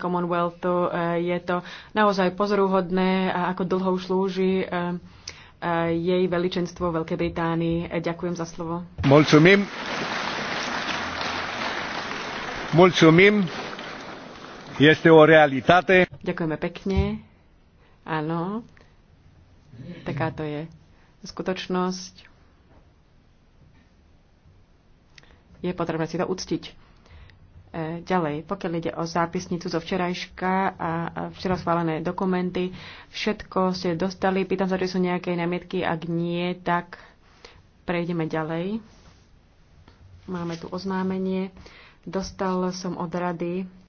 Commonwealthu. E, je to naozaj pozoruhodné, ako dlho už slúži e, e, jej veličenstvo Veľkej Británii. Ďakujem za slovo. Mulțumim. Mulțumim. Este o realitate. Ďakujeme pekne. Áno. Taká to je skutočnosť. Je potrebné si to uctiť. Ďalej, pokiaľ ide o zápisnicu zo včerajška a včera schválené dokumenty, všetko ste dostali. Pýtam sa, či sú nejaké námietky. Ak nie, tak prejdeme ďalej. Máme tu oznámenie. Dostal som od rady